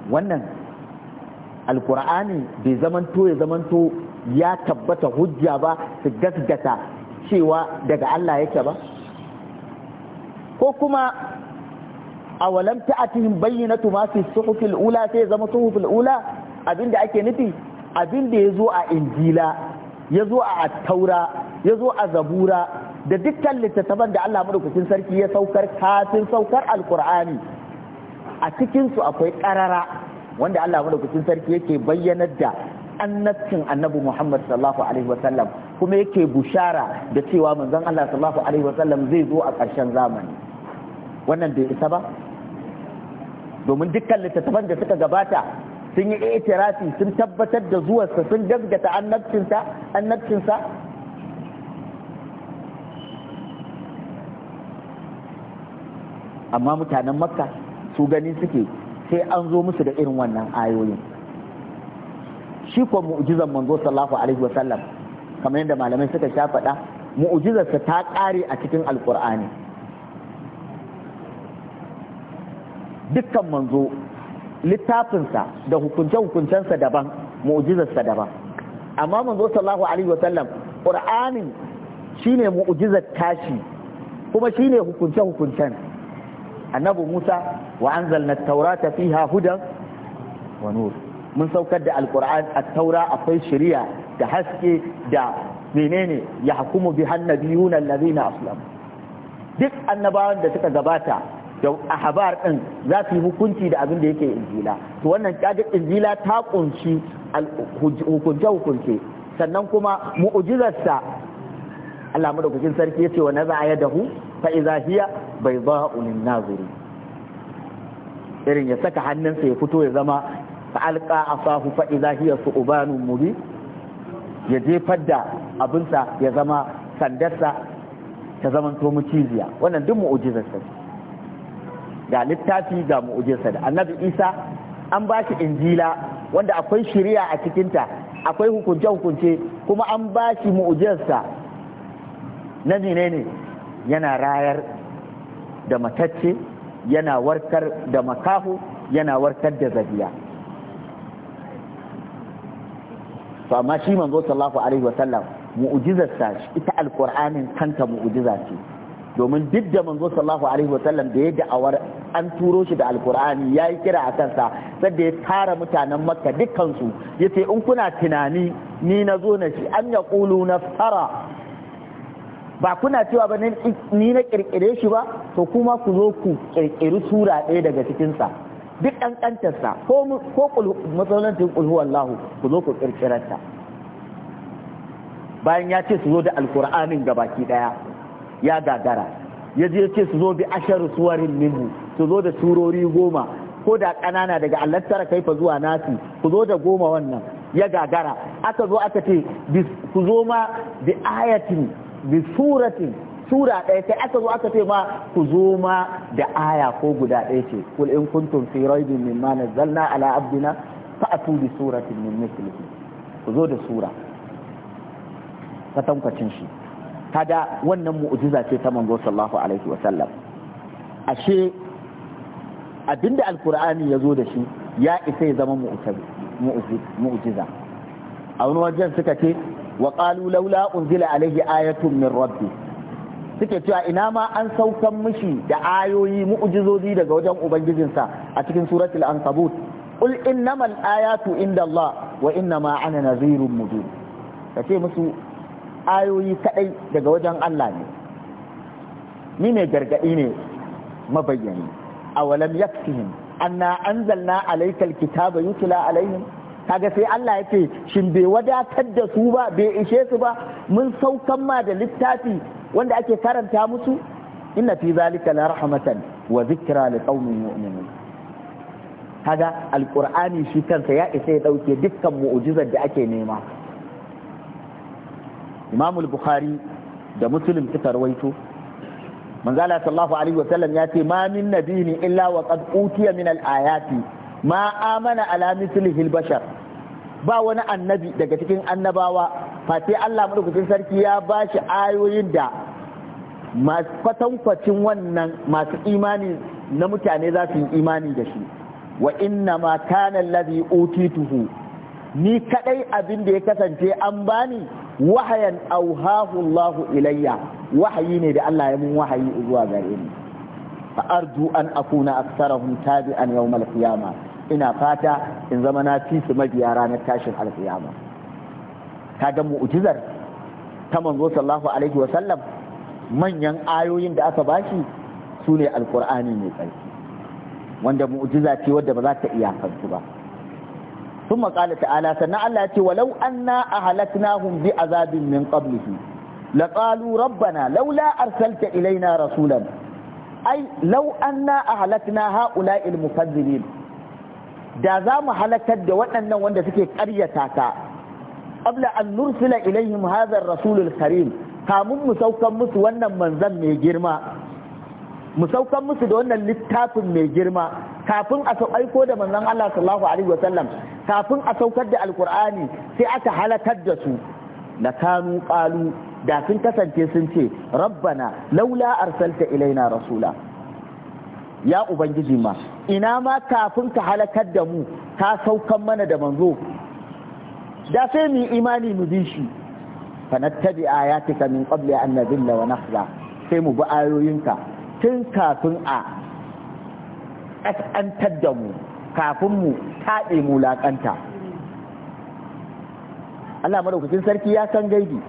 wannan alkur'ani bai zamanto ya zamanto ya tabbata hujja ba su gasgata cewa daga Allah yake ba ko kuma a walam ta'atihim bayyinatu ma fi suhufil ula sai zama suhufil ula abinda ake nufi abinda yazo a injila yazo a ya zo a zabura da dukkan littattafan da Allah madaukakin sarki ya saukar kafin saukar Alƙur'ani. a cikin su akwai karara wanda Allah madaukakin sarki yake bayyanar da annabcin annabi Muhammad sallallahu alaihi wasallam kuma yake bushara da cewa manzon Allah sallallahu alaihi wasallam zai zo a ƙarshen zamani wannan bai isa ba domin dukkan littattafan da suka gabata sun yi itirafi sun tabbatar da zuwarsa sun gaggata annabcinsa amma mutanen makka su gani suke sai an zo musu da irin wannan ayoyin shi ko mu'jizan manzo sallallahu alaihi wasallam kamar yadda malamai suka sha faɗa mu'jizarsa ta ƙare a cikin Alkur'ani. dukkan manzo littafinsa da hukunce-hukuncensa daban mu'jizarsa daban amma manzo sallallahu alaihi wasallam qur'anin shine mu'ujizar tashi kuma shine hukunce-hukuncen annabi Musa wa anzalna taurata fiha hudan wa nur mun saukar da alquran at-taura akwai shari'a da haske da menene ya hukumu bi hannabiyuna allazina aslam duk annabawan da suka gabata a habar ɗin za su yi hukunci da abin da yake injila to wannan kaga injila ta kunshi hukunce hukunce sannan kuma mu'ujizarsa Allah madaukakin sarki yace wa naza yadahu fa idza hiya bayda'u lin naziri irin ya saka hannunsa ya fito ya zama fa alqa asahu fa idza hiya su'banun ya jefar da abinsa ya zama sandarsa ta zama to muciziya wannan duk ne ga littafi ga mu'ujinsa da annabi isa an ba shi injila wanda akwai shari'a a cikinta akwai hukunce hukunce kuma an ba shi mu'ujinsa na ne yana rayar da matacce yana warkar da makahu yana warkar da zabiya to amma shi manzo sallallahu alaihi wasallam mu'ujizarsa ita alqur'anin kanta mu'ujiza ce domin duk da manzo sallallahu alaihi wa sallam da ya da'awar an turo shi da alkur'ani ya yi kira a kansa sadda ya tara mutanen makka dukkansu ya ce in kuna tunani ni na zo na shi an ya ƙulu na fara ba kuna cewa ba ni na ƙirƙire shi ba to kuma ku zo ku ƙirƙiri sura ɗaya daga cikinsa duk ƙanƙantarsa ko matsalantin ƙulhuwallahu ku zo ku ƙirƙirarta bayan ya ce su zo da alkur'anin gabaki ɗaya ya gagara ya je ce su zo bi ashar suwarin minhu su zo da turori goma ko da ƙanana daga allattar kaifa zuwa nasi ku zo da goma wannan ya gagara aka zo aka ce ku zo ma bi ayatin bi suratin sura ɗaya kai aka zo aka ce ma ku zo ma da aya ko guda ɗaya ce kul in kuntum fi raibin ma nazzalna ala abdina atu bi suratin min mithlihi ku zo da sura kwatankwacin shi kada wannan mu'jiza ce ta manzo sallallahu alaihi sallam. ashe abinda alkur'ani ya zo da shi ya isa ya zama mu'jiza a wani wajen suka ce wa qalu laula unzila alaihi ayatun min rabbi suke cewa ina ma an saukan mishi da ayoyi mu'jizozi daga wajen ubangijinsa a cikin suratul ankabut qul innamal ayatu inda Allah wa innama ana nadhirun mubin kace musu ayoyi kadai daga wajen Allah ne ni ne gargadi ne mabayyani awalam yakfihim anna anzalna alaikal kitaba yutla alaihim kaga sai Allah ya ce shin bai wadatar da su ba bai ishe su ba mun saukan ma da littafi wanda ake karanta musu inna fi zalika la rahmatan wa zikra qaumin mu'minin kaga alqur'ani shi kansa ya isa ya dauke dukkan mu'jizar da ake nema imam bukhari da muslim suka rawaito manzala sallallahu alaihi wasallam ya ce ma min nabiyin illa wa qad utiya min al-ayati ma amana ala mithlihi al-bashar ba wani annabi daga cikin annabawa Fati Allah madaukakin sarki ya ba shi ayoyin da masu kwatankwacin wannan masu imani na mutane za su yi imani da shi wa inna ma kana allazi utituhu ni kadai abin da ya kasance an bani wahayan auhahu Allah ilayya wahayi ne da Allah ya mun wahayi zuwa gare ni fa arju an akuna aktsarahum tabi'an yawm al ina fata in zama na fi su mabiya ranar tashin alkiyama kaga mu'jizar ta manzo sallallahu alaihi wa sallam manyan ayoyin da aka bashi su ne alkur'ani mai tsarki wanda mu'jiza ce wadda ba za ta iyakantu ba sun maƙala ta'ala sannan Allah ya ce walau anna ahalaknahum bi azabin min qablihi laqalu rabbana laula arsalta ilaina rasulan ai law anna ahalakna haula'il mukazzibin da za mu halakar da waɗannan wanda suke ƙaryata ka qabla an nursila ilaihim hadha ar-rasulul karim kamun mu saukan musu wannan manzan mai girma mu saukan musu da wannan littafin mai girma kafin a aiko da manzon Allah sallallahu alaihi wasallam kafin a saukar da alkur'ani sai aka halakar da su na kanu qalu da sun kasance sun ce rabbana laula arsalta ilaina rasula ya ubangiji ma ina ma kafin ka halakar da mu ka saukan mana da manzo da sai mu imani mu bi shi fa nattabi ayatika min qabli an nadilla wa sai mu bi ayoyinka tun kafin a ƙasƙantar da mu kafin mu taɗe mu laƙanta Allah madaukakin sarki ya san gaibi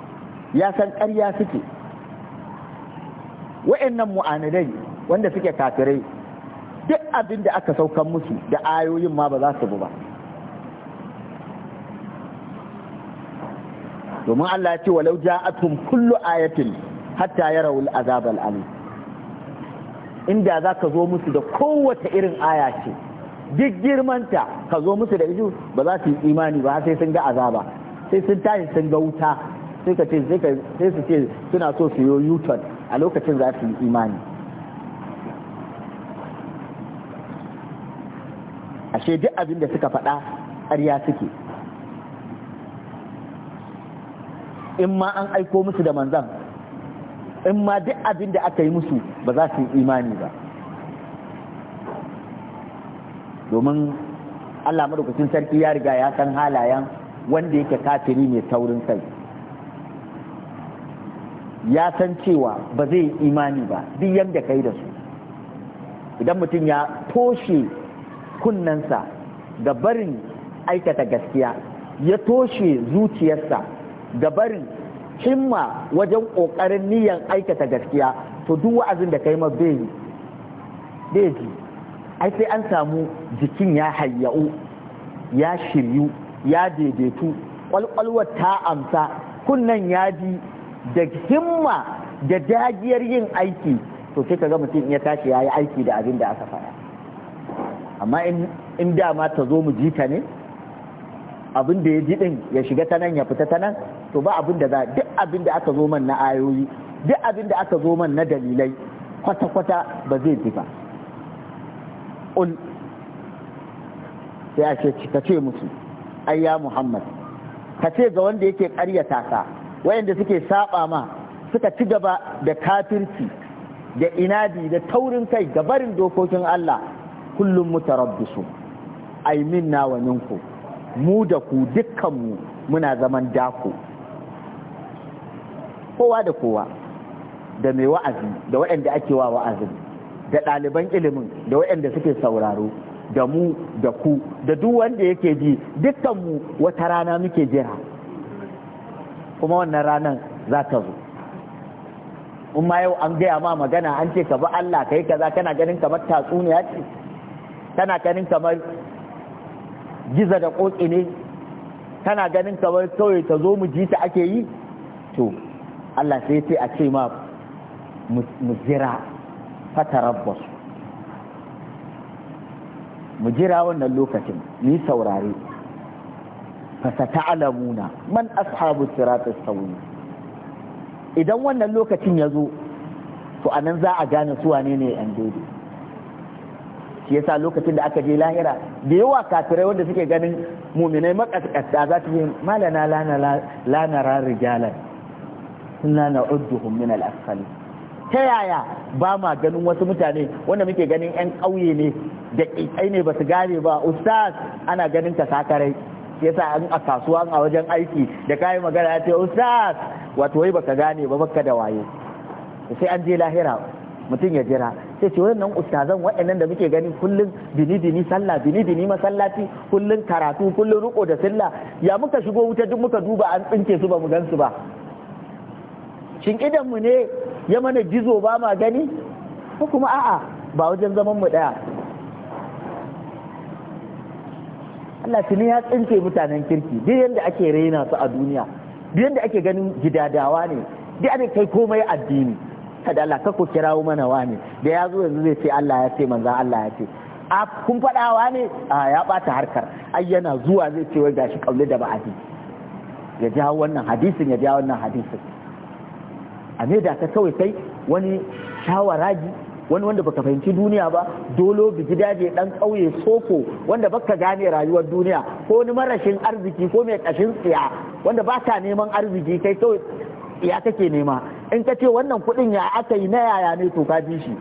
ya san ƙarya suke nan mu'anadai wanda suke kafirai duk abin da aka saukan musu da ayoyin ma ba za su bu ba domin Allah ya ce walau tun kullu ayatin hatta ya yarawul azabal alim inda za ka zo musu da kowace irin aya ce duk girmanta ka zo musu da ido ba za su yi imani ba sai sun ga azaba sai sun tashi sun ga wuta sai ka ce sai su ce suna so su yi yuton a lokacin za su yi imani ashe duk abin da suka faɗa ƙarya suke in ma an aiko musu da manzan in ma duk abin da aka yi musu ba za su yi imani ba domin Allah madaukakin sarki ya riga ya san halayen wanda yake kafiri mai taurin kai ya san cewa ba zai yi imani ba duk yadda kai da su idan mutum ya toshe kunnensa da barin aikata gaskiya ya toshe zuciyarsa da barin himma wajen ƙoƙarin niyan aikata gaskiya to duk wa'azin da kai ma bai bai ai sai an samu jikin ya hayyau ya shiryu ya daidaitu ƙwalƙwalwar ta amsa kunnan ya ji da himma da dagiyar yin aiki to sai kaga mutum ya tashi ya yi aiki da abin da aka faɗa amma in dama ta zo mu ji ta ne abin da ya ji din ya shiga ta nan ya fita ta nan to ba abin da za duk abin da aka zo man na ayoyi duk abin da aka zo man na dalilai kwata-kwata ba zai ji ba ul sai ce ka ce musu ayya muhammad ka ce ga wanda yake ƙaryata ka wayanda suke saba ma suka ci gaba da kafirci da inadi da taurin kai ga barin dokokin Allah kullum mutarabbisu ai minna wa minkum mu da ku dukkanmu muna zaman dako kowa da kowa da mai wa'azi da waɗanda ake wa wa'azin da ɗaliban ilimin da waɗanda suke sauraro da mu da ku da duk wanda yake ji dukkanmu wata rana muke jira kuma wannan ranar za ta zo in ma yau an gaya ma magana an ce ka bi Allah kai kaza kana ganin kamar tatsuniya ce na ganin kamar giza da ƙoƙi ne tana ganin kamar kawai ta zo mu ji ta ake yi to Allah sai ce a ce ma mu jira fatarabbasu mu jira wannan lokacin ni saurare ta'alamuna man ashabu siratis sawi idan wannan lokacin ya zo to anan za a gane su wane ne yan daidai shi yasa lokacin da aka je lahira da yawa kafirai wanda suke ganin muminai makaskanta za su yi malana lanara rijalar suna na uddu min al ta yaya ba ma ganin wasu mutane wanda muke ganin yan ƙauye ne da ƙiƙai ne ba su gane ba ustaz ana ganin ta sakarai yasa an a kasuwa a wajen aiki da kayan magana ya ce ustaz wato wai baka gane ba baka da waye sai an je lahira mutum ya jira sai ce wannan ustazan waɗannan da muke gani kullum bini bini sallah bini bini masallaci kullum karatu kullum ruko da silla ya muka shigo wuta duk muka duba an tsinke su ba mu gansu ba shin idan mu ne ya mana gizo ba ma gani ko kuma a'a ba wajen zaman mu daya Allah tuni ya tsinke mutanen kirki duk yanda ake raina su a duniya duk yanda ake ganin gidadawa ne duk ake kai komai addini ka da Allah ka kirawo mana wani da ya zo yanzu zai ce Allah ya ce manzan Allah ya ce a kun faɗawa ne a ya ɓata harkar ai yana zuwa zai ce wai gashi kaule da ba'adi ya jawo wannan hadisin ya jawo wannan hadisin a me da ka kawai kai wani shawaraji wani wanda baka fahimci duniya ba dolo biji daje dan kauye soko wanda baka gane rayuwar duniya ko ni marashin arziki ko mai kashin tsiya wanda ba neman arziki kai kawai ya kake nema in ka ce wannan kuɗin ya aka yi na yaya ne to ka ji shi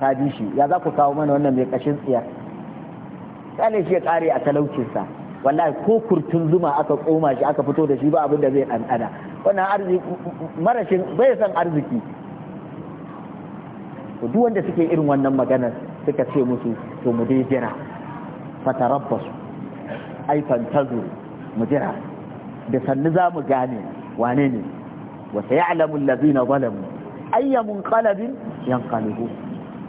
ka shi ya za ku kawo mana wannan mai kashin tsiyar kane shi ya kare a talaucinsa wallahi ko kurtun zuma aka koma shi aka fito da shi ba abin da zai ɗanɗana wannan arziki marashin bai san arziki to duk wanda suke irin wannan maganar suka ce musu to mu dai jira fatarabbasu ai fantazu mu jira da sannu za mu gane wane ne wa sayalamu allazina zalamu ayya munqalabin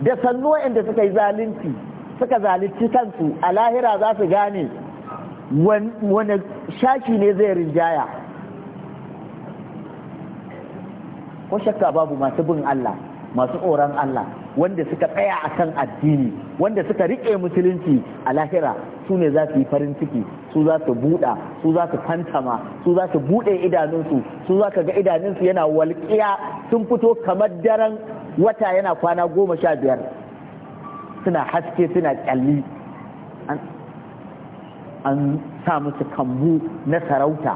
da sannu waɗanda suka yi zalunci suka zalunci kansu a lahira za su gane wani shaki ne zai rinjaya ko shakka babu masu bin Allah masu tsoron Allah wanda suka tsaya a kan addini wanda suka riƙe musulunci a lahira su ne za su yi farin ciki su za su buɗa su za su fantama, su za su buɗe idanunsu su za ka ga idanunsu yana walƙiya sun fito kamar daren wata yana kwana goma sha biyar suna haske suna ƙyalli an sa musu kambu na sarauta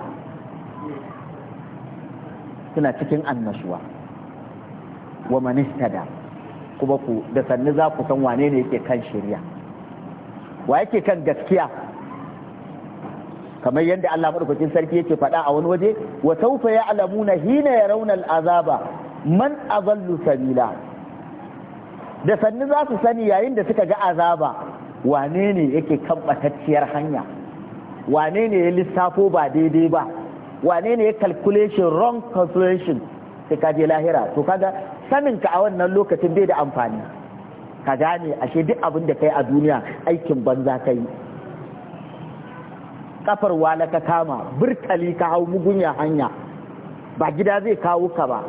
suna cikin annashuwa wa manistada kuma ku da sannu za ku san wane ne yake kan shirya wa yake kan gaskiya kamar yadda Allah madaukakin sarki yake faɗa a wani waje wa ya na hina raunar al'azaba man azallu sabila da sannu za su sani yayin da suka ga azaba wane ne yake kan hanya wane ne ya lissafo ba daidai ba wane ne ya calculation wrong calculation sai ka je lahira to kaga sanin ka a wannan lokacin bai da amfani ka gane ashe duk abin da kai a duniya aikin banza kai kafar wala ka kama burtali ka hau mugunya hanya ba gida zai kawo ka ba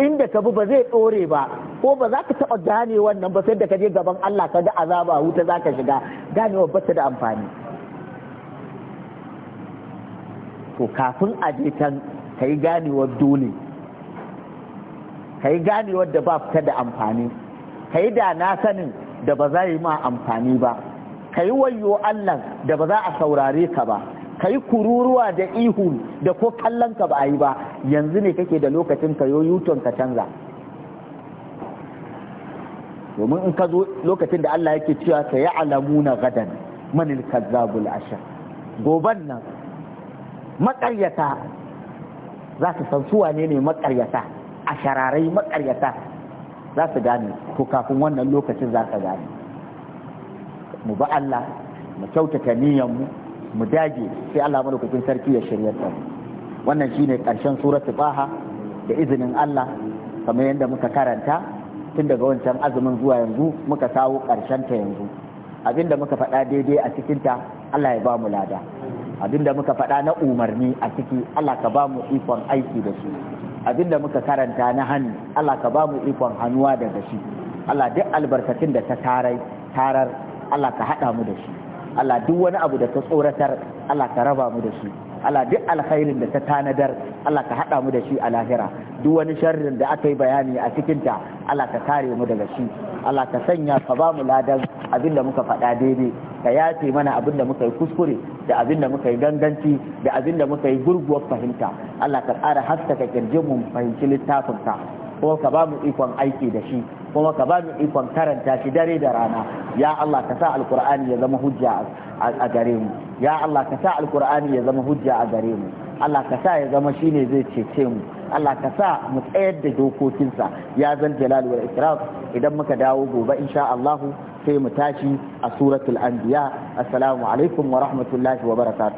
inda ka bi ba zai ɗore ba ko ba za ka taɓa gane wannan ba sai da ka je gaban Allah ka ga azaba wuta za ka shiga ganewa ba ta da amfani to kafin a je can ka yi ganewar dole ka yi ganewar da ba ta da amfani ka yi da na sanin da ba za yi ma amfani ba ka yi wayo Allah da ba za a saurare ka ba ka yi kururuwa da ihu da ko kallon ka ba a yi ba yanzu ne kake da lokacin ka yo yuton ka canza domin in ka zo lokacin da Allah yake cewa ka yi alamuna gadan manil kazzabul ashar goban nan makaryata za su san suwa ne ne maƙaryata a shararai maƙaryata za su gane ko kafin wannan lokacin za ka gane mu ba Allah mu kyautata niyyar mu mu dage sai Allah madaukakin sarki ya shirya ta wannan shine karshen suratu baha da izinin Allah kamar yadda muka karanta tun daga wancan azumin zuwa yanzu muka kawo karshen ta yanzu abinda muka faɗa daidai a cikin ta Allah ya ba mu lada abinda muka faɗa na umarni a ciki Allah ka ba mu ikon aiki da shi abinda muka karanta na hannu Allah ka ba mu ikon hannuwa daga shi Allah duk albarkatun da ta tarar Allah ka haɗa mu da shi Allah duk wani abu da ta tsoratar Allah ka raba mu da shi Allah duk alkhairin da ta tanadar Allah ka haɗa mu da shi a lahira duk wani sharrin da aka yi bayani a cikinta Allah ka kare mu daga shi Allah ka sanya ka ba mu ladan abinda da muka faɗa daidai ka yace mana abin da muka yi kuskure da abin da muka yi ganganci da abin da muka yi gurguwar fahimta Allah ka ƙara haskaka kirjin mu fahimci ka kuma ka ba mu ikon aiki da shi kuma ka ba mu ikon karanta shi dare da rana ya Allah ka sa alqur'ani ya zama hujja a gare mu ya Allah ka sa alqur'ani ya zama hujja a gare mu Allah ka sa ya zama shine zai cece mu Allah ka sa mu tsayar da dokokinsa ya zan jalal wal ikram idan muka dawo gobe insha Allah sai mu tashi a suratul anbiya assalamu alaikum wa rahmatullahi wa barakatuh